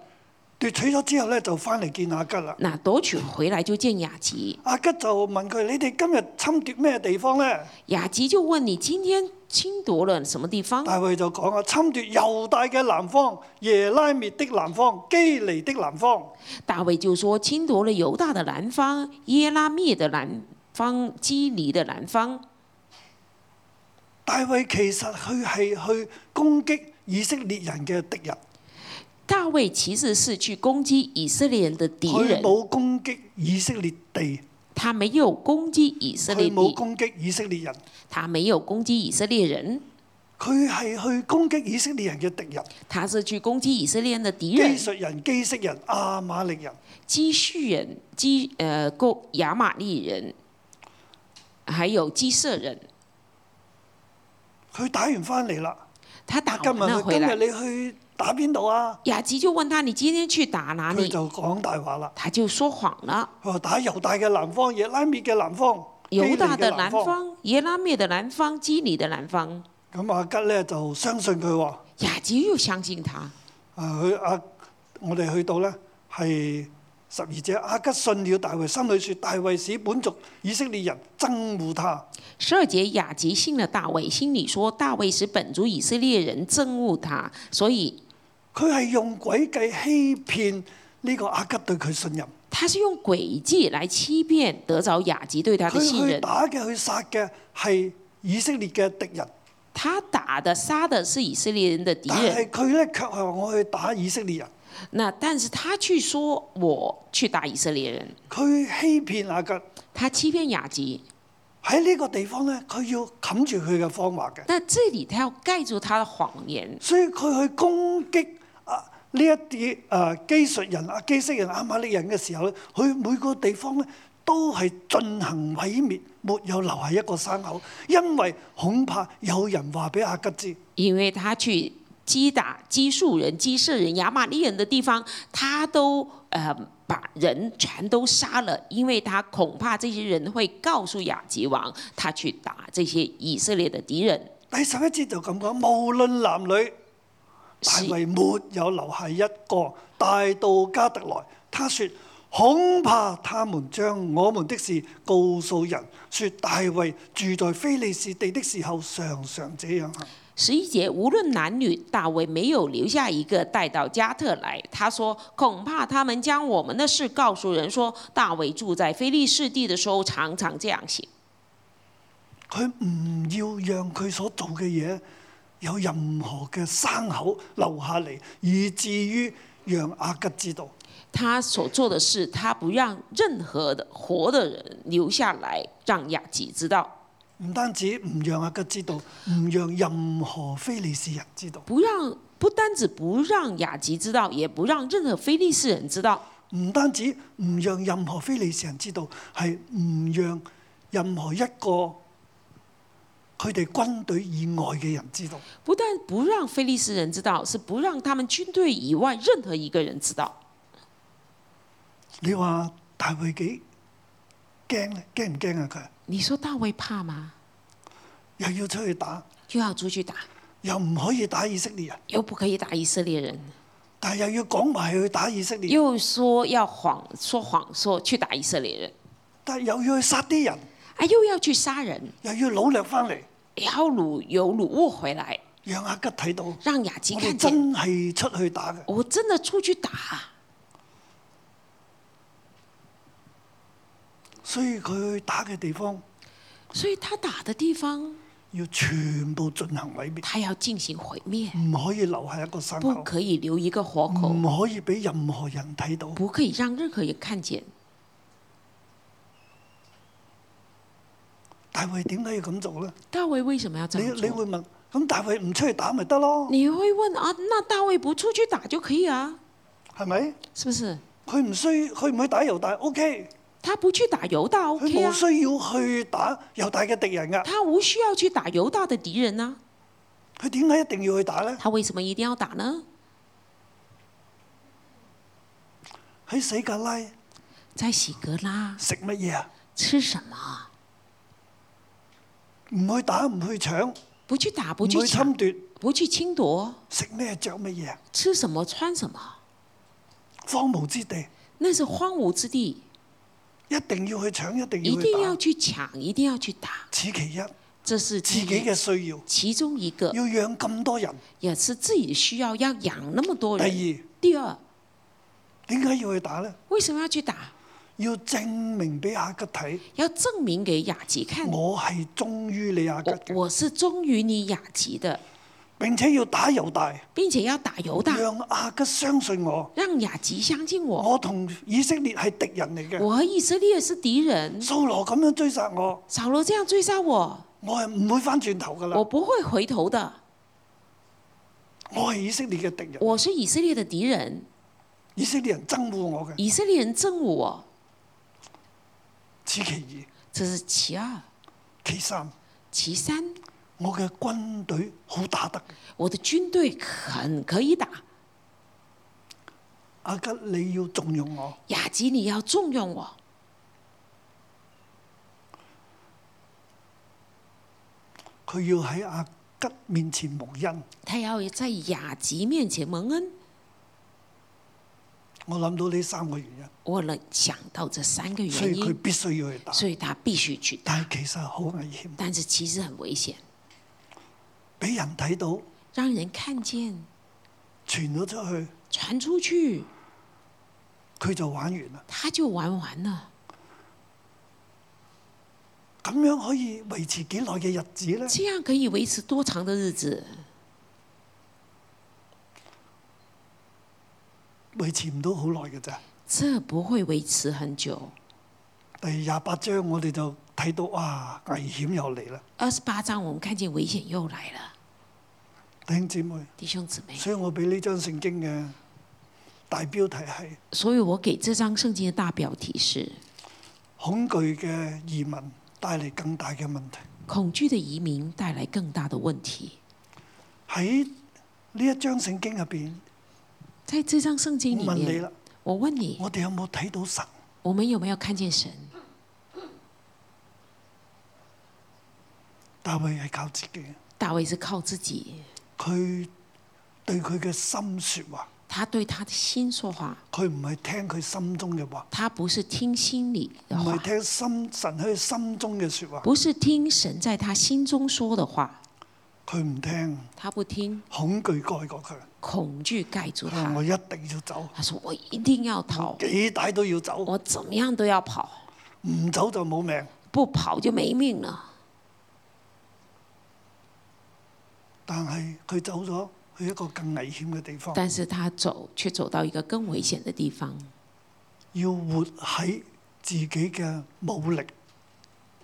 奪取咗之後咧，就翻嚟見亞吉啦。嗱，奪取回來就見亞吉。亞吉就問佢：你哋今日侵奪咩地方咧？亞吉就問你今天。侵奪了什麼地方？大衛就講啊，侵奪猶大嘅南方、耶拉滅的南方、基尼的南方。大衛就說侵奪了猶大的南方、耶拉滅的南方、基尼的南方。大衛其實佢係去攻擊以色列人嘅敵人。大衛其實是去攻擊以色列人嘅敵人。佢冇攻擊以色列地。他沒有攻擊以色列。冇攻擊以色列人。他沒有攻擊以色列人。佢係去攻擊以色列人嘅敵人。他是去攻擊以色列人嘅敵人。基術人、基息人、阿瑪利人、基書人、基誒國雅瑪利人，還有基色人。佢打完翻嚟啦。他打、啊、今日今日你去。打邊度啊？亞吉就問他：你今天去打哪裡？就講大話啦。他就說謊啦。謊了打猶大嘅南方、耶拉篾嘅南方、猶大的南方、耶拉篾嘅南方、基尼嘅南方。咁、嗯、亞吉呢就相信佢話。亞吉又相信他。啊，佢阿、啊、我哋去到呢，係十二節，亞吉信了大衛，心裡說：大衛使本族以色列人憎惡他。十二節，亞吉信了大衛，心裡說：大衛使本族以色列人憎惡他，所以。佢係用詭計欺騙呢個亞吉對佢信任。他是用詭計來欺騙得着亞吉對他的信任。佢去打嘅、去殺嘅係以色列嘅敵人。他打的、殺的係以色列人的敵人。但係佢咧卻係話我去打以色列人。那但是他去說我去打以色列人。佢欺騙亞吉。他欺騙亞吉。喺呢個地方咧，佢要冚住佢嘅方法嘅。但係，這裡他要蓋住他的謊言。所以佢去攻擊。呢一啲啊基術人啊基色人阿瑪利人嘅時候咧，佢每個地方咧都係進行毀滅，沒有留下一個山口，因為恐怕有人話俾阿吉知。因為他去擊打基術人、基色人、亞瑪利人的地方，他都誒、呃、把人全都殺了，因為他恐怕這些人會告訴亞吉王，他去打這些以色列的敵人。第十一節就咁講，無論男女。大衛沒有留下一個帶到加特來。他說，恐怕他們將我們的事告訴人，說大衛住在非利士地的時候，常常這樣行。十一節，無論男女，大衛沒有留下一個帶到加特來。他說恐怕他們將我們的事告訴人說，說大衛住在非利士地的時候，常常這樣寫。佢唔要讓佢所做嘅嘢有任何嘅生口留下嚟，以至於讓亞吉知道。他所做嘅事，他不讓任何的活的人留下來，讓亞吉知道。唔單止唔讓亞吉知道，唔讓任何非利士人知道。不讓，不單止，不讓亞吉知道，也不讓任何非利士人知道。唔單止唔讓任何非利士人知道，係唔讓任何一個佢哋軍隊以外嘅人知道，不但不讓非利士人知道，是不讓他們軍隊以外任何一個人知道。你話大衛幾驚咧？驚唔驚啊？佢？你說大衛怕嗎？又要出去打，又要出去打，又唔可以打以色列人，又不可以打以色列人，以以列人，但係又要講埋去打以色列人，又說要謊，說謊說去打以色列人，但係又要去殺啲人。啊！又要去殺人，又要努力翻嚟，要攞有攞物回來，回來讓阿吉睇到，讓雅芝看，真係出去打嘅。我真的出去打，所以佢打嘅地方，所以他打嘅地方，的地方要全部進行毀滅，他要進行毀滅，唔可以留下一個生口，不可以留一個活口，唔可以俾任何人睇到，不可以讓任何人看見。大衛點解要咁做咧？大衛為什麼要咁做？你你會問，咁大衛唔出去打咪得咯？你會問啊？那大衛不出去打就可以啊？係咪？是吧，是不是？佢唔需要，佢唔去打猶大，OK。他不去打猶大 OK 佢冇、okay、需要去打猶大嘅敵人啊。他無需要去打猶大嘅敵人啊！佢點解一定要去打呢？他為什麼一定要打呢？喺死格拉。在死格拉。食乜嘢啊？吃什麼？唔去打唔去搶，唔去打，不去侵奪，不去侵奪，食咩着乜嘢？吃什麼穿什麼？荒蕪之地，那是荒蕪之地，一定要去搶，一定要一定要去搶，一定要去打。此其一，這是自己嘅需要。其中一個要養咁多人，也是自己需要要養那麼多人。第二，第二，點解要去打呢？為什麼要去打？要證明俾阿吉睇，要證明給雅吉看。我係忠於你阿吉嘅，我是忠於你雅吉的，吉的並且要打猶大，並且要打猶大，讓阿吉相信我，讓雅吉相信我。我同以色列係敵人嚟嘅，我和以色列是敵人。掃羅咁樣追殺我，掃羅這樣追殺我，殺我係唔會返轉頭㗎喇，我不會回頭的。我係以色列嘅敵人，我是以色列嘅敵人。以色，敵人以色列人憎惡我嘅，以色列人憎惡我。此其二，這是其二，其三，其三，我嘅軍隊好打得，我的軍隊很可以打。阿吉，你要重用我，雅吉，你要重用我，佢要喺阿吉面前蒙恩，他要在雅吉面前蒙恩。我諗到呢三個原因。我諗想到這三個原因。原因所以佢必須要去打。所以他必須去打。但係其實好危險。但是其實很危險。俾人睇到。讓人看見。傳咗出去。傳出去。佢就玩完啦。他就玩完啦。咁樣可以維持幾耐嘅日子咧？這樣可以維持多長嘅日子？維持唔到好耐嘅咋，即係這不會維持很久。第廿八章我哋就睇到啊，危險又嚟啦。二十八章，我們看見危險又來了，弟兄姊妹，弟兄姊妹，所以我俾呢張聖經嘅大標題係，所以我給這張聖經嘅大標題是恐懼嘅移民帶嚟更大嘅問題。恐懼嘅移民帶來更大嘅問題。喺呢一張聖經入邊。在這章聖經裏面，我問,我問你，我哋有冇睇到神？我們有沒有看見神？大衛係靠自己。大衛是靠自己。佢對佢嘅心說話。他對他的心說話。佢唔係聽佢心中嘅話。他不是聽心裏的話。唔係聽神喺心中嘅說話。不是聽神在他心中說的話。佢唔聽。他不聽。他不聽恐懼蓋過佢。恐懼蓋住他。我一定要走。他說我一定要逃。幾大都要走。我怎麼樣都要跑。唔走就冇命。不跑就沒命了。但係佢走咗去一個更危險嘅地方。但是他走，卻走到一個更危險嘅地方。要活喺自己嘅武力。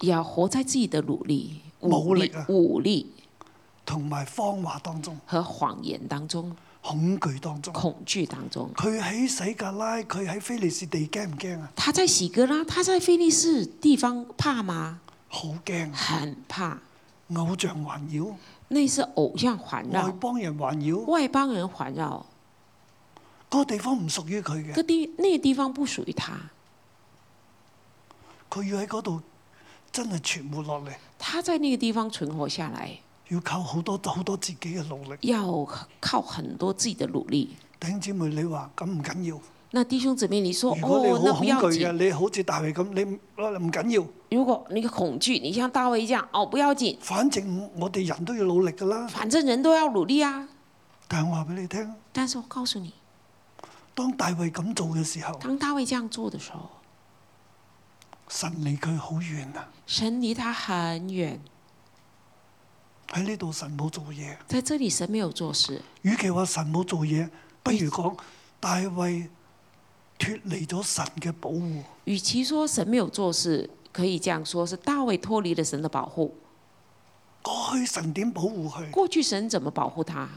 要活在自己的努力，力，、啊、力。武力啊！武力同埋謊話當中。和謊言當中。恐懼當中，恐懼當中。佢喺洗革拉，佢喺非利士地驚唔驚啊？他在洗革拉，他在非利士地，、啊、地方怕嗎？好驚。很怕。很怕。偶像環繞。那是偶像環繞。外邦人環繞。外邦人環繞。嗰個地方唔屬於佢嘅。嗰地，那個地方不屬於他。佢要喺嗰度，真係存活落嚟。他在那個地方存活下來。要靠好多好多自己嘅努力。要靠很多自己嘅努力。弟兄姊妹，你話咁唔緊要？那弟兄姊妹，你說哦，你好恐懼啊，你好似大衛咁，你唔緊要？如果你嘅恐懼，你像大衛一樣，哦，不要緊。反正我哋人都要努力噶啦。反正人都要努力啊！但係我話俾你聽。但是我告訴你，當大衛咁做嘅時候，當大衛這樣做的時候，時候神離佢好遠啊！神離他很遠。喺呢度神冇做嘢。在這裏神沒有做事。與其話神冇做嘢，不如講大衛脫離咗神嘅保護。與其說神沒有做事，可以這樣說是大衛脫離了神嘅保護。過去神點保護佢？過去神怎麼保護他？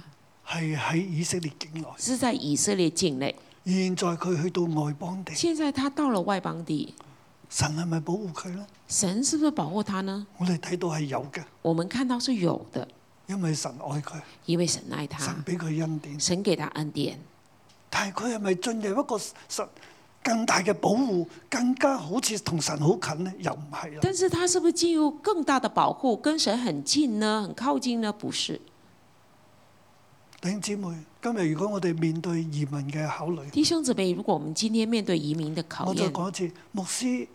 係喺以色列境內，是在以色列境內。現在佢去到外邦地。現在他到了外邦地。神係咪保護佢咧？神是不是保護他呢？我哋睇到係有嘅。我們看到是有的，因為神愛佢，因為神愛他，神俾佢恩典，神給他恩典。但係佢係咪進入一個神更大嘅保護，更加好似同神好近呢？又唔係啊。但是他是不是進入更大的保護，跟神很近呢？很靠近呢？不是。弟兄姊妹，今日如果我哋面對移民嘅考慮，弟兄姊妹，如果我們今天面對移民的考慮，我再講一次，牧師。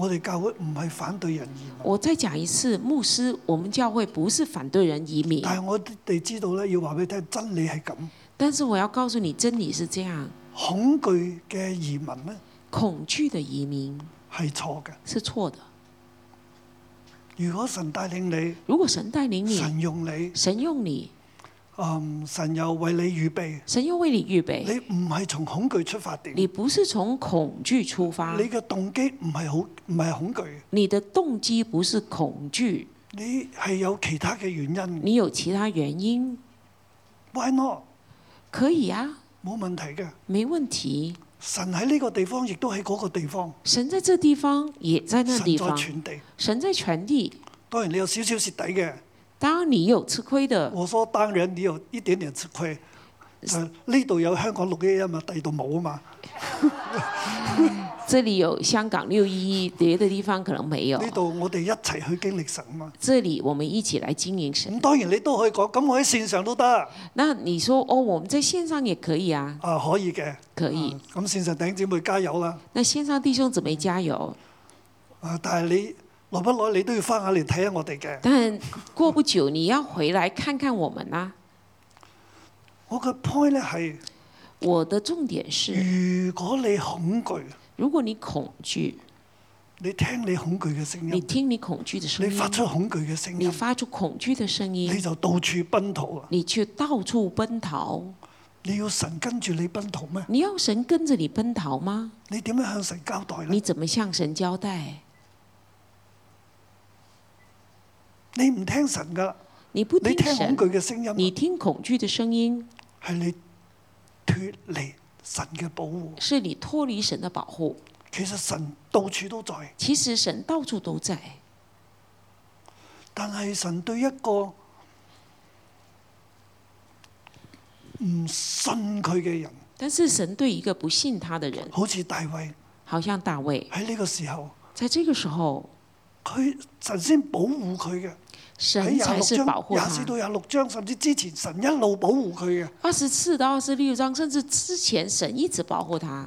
我哋教會唔係反對人移民。我再講一次，牧師，我們教會不是反對人移民。但係我哋知道咧，要話俾你聽，真理係咁。但是我要告訴你，真理是這樣。恐懼嘅移民咧？恐懼嘅移民係錯嘅，是錯的。錯的。如果神帶領你，如果神帶領你，神用你，神用你。嗯，神又為你預備。神又為你預備。你唔係從恐懼出發。你不是從恐懼出發。你嘅動機唔係好，唔係恐懼。你的動機不是恐懼。你係有其他嘅原因的。你有其他原因。Why not？可以啊，冇問題嘅。沒問題。神喺呢個地方，亦都喺嗰個地方。神在這地方，也在那地方。神在全地。神在全地。當然，你有少少蝕底嘅。當然你有吃虧的。我說當然你有一點點吃虧，誒呢度有香港六一一嘛，第二度冇啊嘛。這裡有香港六一一，別的地方可能沒有。呢 度 我哋一齊去經歷神嘛。這裡我們一起來經營神。咁當然你都可以講，咁我喺線上都得。那，你說哦，我們在線上也可以啊。啊，可以嘅。可以。咁、嗯、線上頂姐妹加油啦！那線上弟兄姊妹加油。嗯、啊，但係你。來不來你都要翻下嚟睇下我哋嘅。但過不久你要回來看看我們啦。我個 point 呢係，我的重點是。如果你恐懼，如果你恐懼，你聽你恐懼嘅聲音，你聽你恐懼的聲音，你發出恐懼嘅聲音，你發出恐懼的聲音，你就到處奔逃。你去到處奔逃，你要神跟住你奔逃咩？你要神跟着你奔逃嗎？你點樣向神交代呢？你怎麼向神交代？你唔聽神㗎，你，不聽神，你聽恐懼嘅聲音。你聽恐懼嘅聲音，係你脫離神嘅保護。是你脫離神的保護。其實神到處都在。其實神到處都在。但係神對一個唔信佢嘅人，但是神對一個不信他嘅人，好似大衛，好像大衛喺呢個時候，在這個時候。佢神仙保護佢嘅，喺廿六章、廿四到廿六章，甚至之前神一路保護佢嘅。二十四到二十六章，甚至之前神一直保護佢。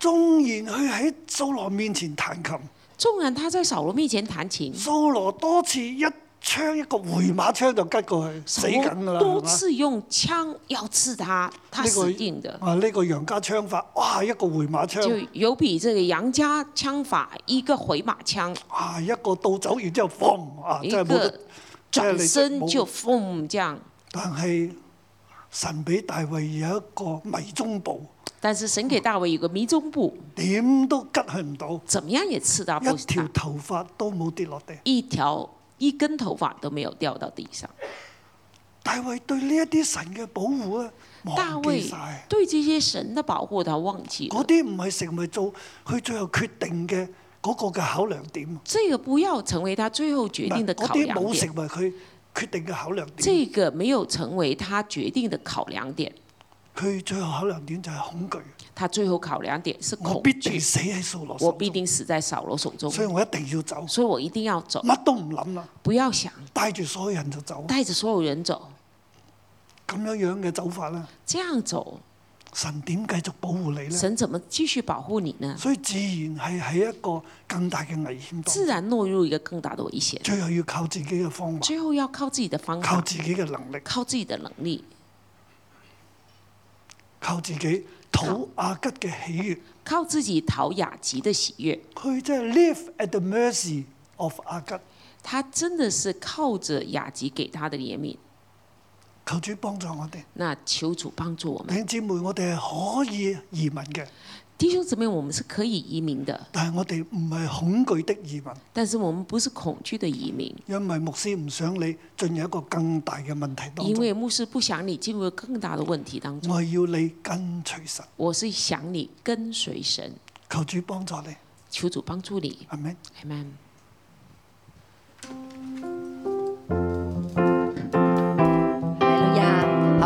縱然佢喺掃羅面前彈琴，縱然他在掃羅面前彈琴，掃羅多次一槍一個回馬槍就吉過去，死緊㗎啦！多次用槍要刺他，他死定嘅。啊，呢個楊家槍法，哇！一個回馬槍就有比這個楊家槍法一個回馬槍。啊，一個倒走，然之後放，啊，即係冇，即身就這咁。但係神俾大衛有一個迷蹤步，但是神給大衛一個迷蹤步，點都吉佢唔到，怎麼樣也刺到不傷，一條頭髮都冇跌落地，一條。一根頭髮都沒有掉到地上。大衛對呢一啲神嘅保護啊，大衛對這些神的保護，他忘記了。啲唔係成為做佢最後決定嘅嗰個嘅考量點。這個不要成為他最後決定的考量點。冇成為佢決定嘅考量點。這個沒有成為他決定的考量點。佢最後考量點就係恐懼。他最後考量點是恐懼。必須死喺掃羅手中。我必定死在掃羅手中。所以我一定要走。所以我一定要走。乜都唔諗啦。不要想。帶住所有人就走。帶着所有人走。咁樣樣嘅走法呢。這樣走。神點繼續保護你呢？神怎麼繼續保護你呢？所以自然係喺一個更大嘅危險。自然落入一個更大嘅危險。最後要靠自己嘅方法。最後要靠自己的方法。靠自己嘅能力。靠自己的能力。靠自己討亞吉嘅喜悅，靠自己討亞吉嘅喜悅。佢真係 live at the mercy of 亞吉，他真的是靠着亞吉給他的憐憫。求主幫助我哋，那求主幫助我們。弟兄姊妹，我哋係可以移民嘅。弟兄姊妹，我們是可以移民的，但係我哋唔係恐懼的移民。但是我們不是恐懼的移民，因為牧師唔想你進入一個更大嘅問題當中。因為牧師不想你進入個更大嘅問題當中。當中我要你跟隨神。我是想你跟隨神。求主幫助你。求主幫助你。阿門。阿門。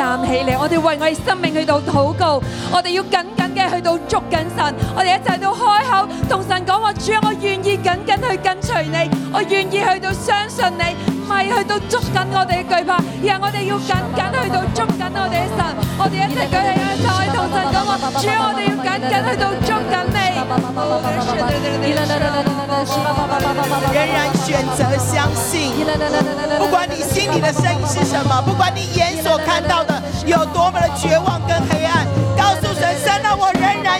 站起嚟，我哋為我哋生命去到禱告，我哋要緊緊嘅去到捉緊神，我哋一齊到開口同神講話，主啊，我願意緊緊去跟隨你，我願意去到相信你。唔係去到捉緊我哋嘅懼怕，而係我哋要緊緊去到捉緊我哋嘅神。我哋一直舉起右手喺度信講話，主，我哋要緊緊喺度捉緊你。仍然選擇相信，不管你心裡嘅聲音係什麼，不管你眼所看到的有多麼嘅絕望跟黑暗，告訴神，神啊，我仍然。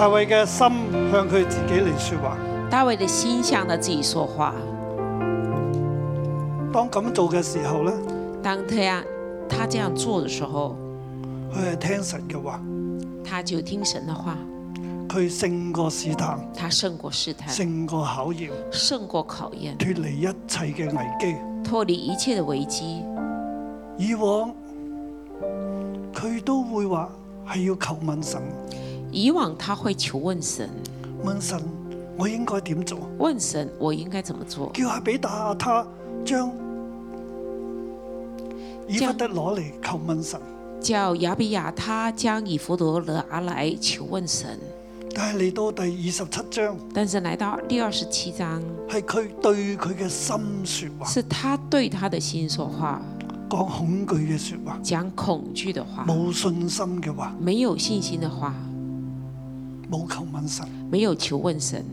大衛嘅心向佢自己嚟說話。大衛的心向他自己說話。當咁做嘅時候咧？當他他這樣做的時候。佢係聽神嘅話。他就聽神的話。佢勝過試探。他勝過試探。勝過考驗。勝過考驗。脫離一切嘅危機。脫離一切的危機。以往佢都會話係要求問神。以往他會求問神，問神我應該點做？問神我應該怎麼做？叫亞比亞他將以弗得攞嚟求問神叫。叫亞比亞他將以弗得，羅阿來求問神。但係嚟到第二十七章，但是嚟到第二十七章，係佢對佢嘅心說話，是他對他嘅心說話，講恐懼嘅說話，講恐懼嘅話，冇信心嘅話，冇信心嘅話。嗯。冇求問神，沒有求問神，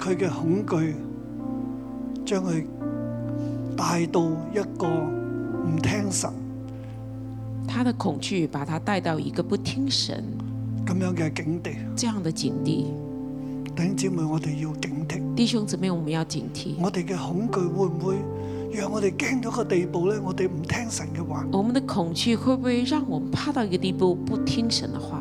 佢嘅恐懼將佢帶到一個唔聽神，他的恐懼把他帶到一個不聽神，咁樣嘅境地，這樣的境地，弟兄姊妹，我哋要警惕，弟兄姊妹，我們要警惕，弟兄姊妹，我哋嘅恐懼會唔會？讓我哋驚到個地步咧，我哋唔聽神嘅話。我們的恐懼會不會讓我們怕到一個地步，不聽神的話，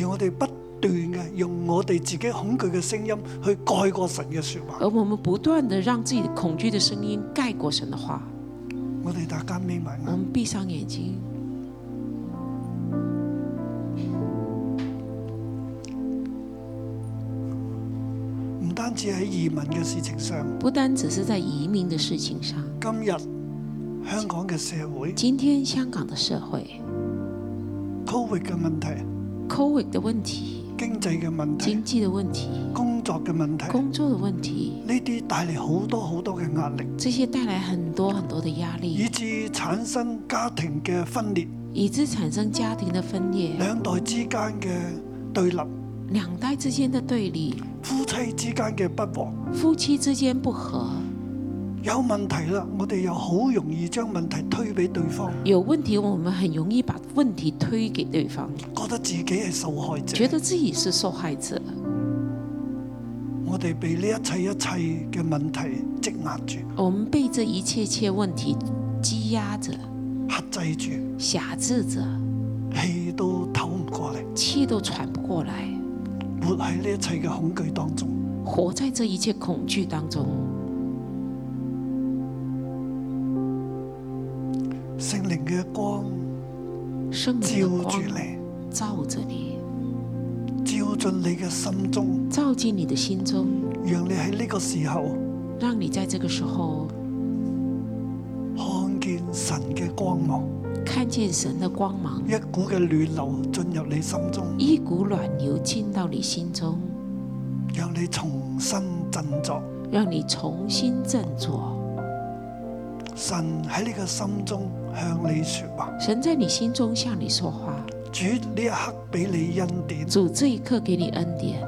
而我哋不斷嘅用我哋自己恐懼嘅聲音去蓋過神嘅說話？而我們不斷嘅讓自己恐懼嘅聲音蓋過神嘅話。我哋大家眯埋。我們閉上眼睛。不單止喺移民嘅事情上，不單只是在移民嘅事情上。今日香港嘅社會，今天香港嘅社會，COVID 嘅問題，COVID 嘅問題，經濟嘅問題，經濟嘅問題，工作嘅問題，工作嘅問題，呢啲帶嚟好多好多嘅壓力，這些帶嚟很多很多嘅壓力，以至產生家庭嘅分裂，以至產生家庭嘅分裂，兩代之間嘅對立。兩代之間的對立，夫妻之間嘅不和，夫妻之間不和有問題啦。我哋又好容易將問題推俾對方。有問題，我們很容易把問題推給對方。覺得自己係受害者，覺得自己是受害者。我哋被呢一切一切嘅問題積壓住，我們被這一切一切，問這一切問題積壓着，限制住，轄制着，氣都唞唔過嚟，氣都喘不過來。活喺呢一切嘅恐懼當中，活在這一切恐懼當中。聖靈嘅光照住你，照着你，照進你嘅心中，照進你嘅心中，讓你喺呢個時候，讓你在這個時候，個時候看見神嘅光芒。看見神的光芒，一股嘅暖流進入你心中，一股暖流進到你心中，讓你重新振作，讓你重新振作。神喺你嘅心中向你說話，神在你心中向你說話。主呢一刻俾你恩典，主這一刻給你恩典，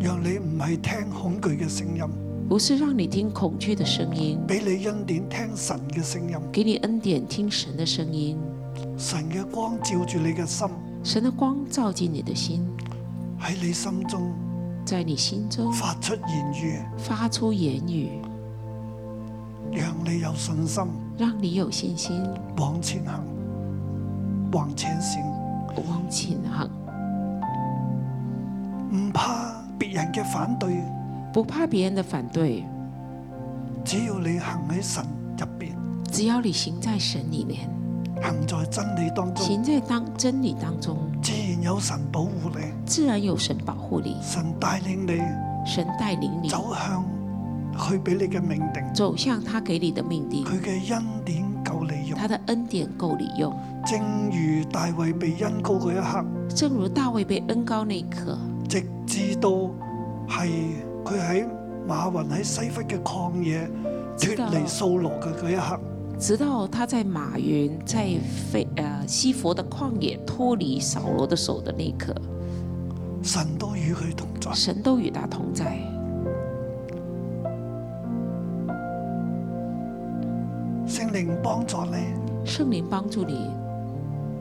讓你唔係聽恐懼嘅聲音。不是讓你聽恐懼的聲音，俾你恩典聽神嘅聲音，給你恩典聽神的聲音。神嘅光照住你嘅心，神的光照進你的心，在你心中，在你心中發出言語，發出言語，讓你有信心，讓你有信心往前行，往前行，往前行，唔怕別人嘅反對。不怕別人的反對，只要你行喺神入邊；只要你行在神裏面，行在真理當中，行在當真理當中，自然有神保護你，自然有神保護你，神帶領你，神帶領你走向去俾你嘅命定，走向他給你的命定，佢嘅恩典夠你用，他的恩典夠你用，正如大衛被恩膏嗰一刻，正如大衛被恩膏那一刻，直至到係。佢喺馬雲喺西弗嘅曠野脫離掃羅嘅嗰一刻，直到他在馬雲在非誒西弗嘅曠野脫離掃羅嘅手嘅那一刻，神都與佢同在，神都與他同在，聖靈幫助你，聖靈幫助你。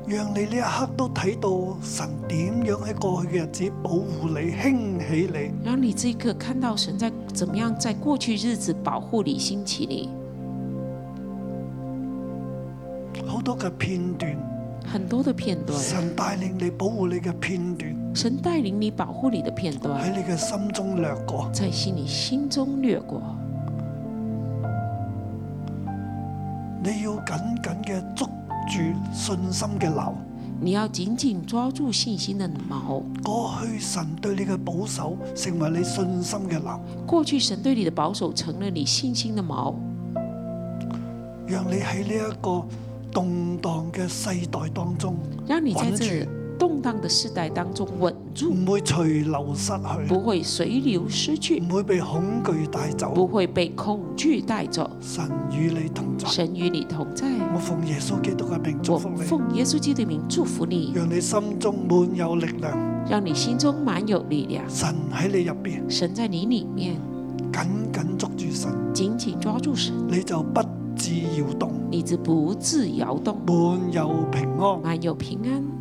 讓你呢一刻都睇到神點樣喺過去嘅日子保護你、興起你。讓你這一刻看到神在怎麼樣在過去日子保護你、興起你。好多嘅片段，很多嘅片段，神帶領你保護你嘅片段，神帶領你保護你嘅片段喺你嘅心中掠過，在你心中掠過，你要緊緊嘅捉。住信心嘅流，你要緊緊抓住信心嘅矛。過去神對你嘅保守，成為你信心嘅流。過去神對你嘅保守，成了你信心嘅矛。讓你喺呢一個動盪嘅世代當中，讓你在這裏。動盪的世代當中穩住，唔會隨流失去，不會隨流失去，唔會被恐懼帶走，不會被恐懼帶走。神與你同在，神與你同在。我奉耶穌基督嘅名祝福你，我奉耶穌基督嘅名祝福你，讓你心中滿有力量，讓你心中滿有力量。神喺你入邊，神在你裏面，緊緊捉住神，緊緊抓住神，緊緊抓住神你就不致搖動，你就不致搖動，滿有平安，滿有平安。